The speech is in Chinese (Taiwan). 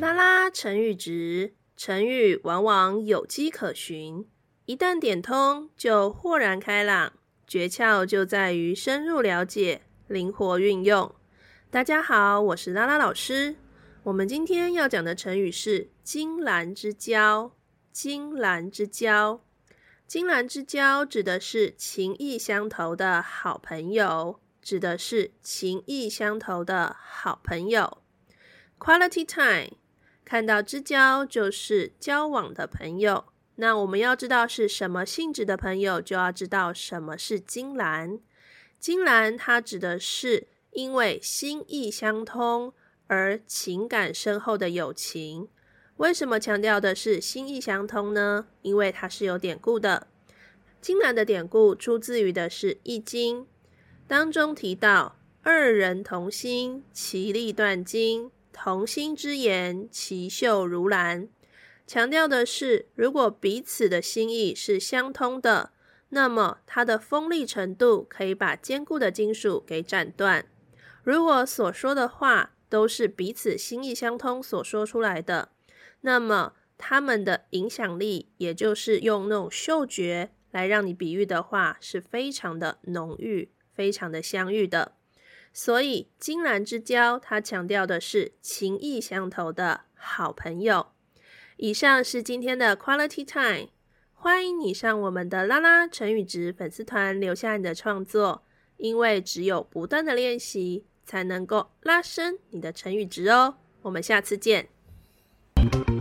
拉拉成語質，成語往往有跡可循，一旦點通就豁然開朗。訣竅就在於深入了解，靈活運用。大家好，我是拉拉老師。我們今天要講的成語是“金蘭之交”，金蘭之交。金蘭之交指的是情意相投的好朋友，指的是情意相投的好朋友。Quality time，看到之交就是交往的朋友。那我們要知道是什麼性質的朋友，就要知道什麼是金蘭。金蘭它指的是因為心意相通而情感深厚的友情。為什麼強調的是心意相通呢？因為它是有典故的。金蘭的典故出自於的是《易經》，當中提到“二人同心，其利斷金；同心之言，其臭如蘭。”強調的是，如果彼此的心意是相通的，那麼它的鋒利程度可以把堅固的金屬給斬斷。如果所說的話都是彼此心意相通所說出來的。那麼他們的影響力，也就是用那種嗅覺來讓你比喻的話，是非常的濃郁、非常的相遇的。所以金蘭之交，它強調的是情意相投的好朋友。以上是今天的 Quality Time，歡迎你上我們的拉拉成語質粉絲團留下你的創作，因為只有不斷的練習，才能夠拉升你的成語質哦。我們下次見。嗯。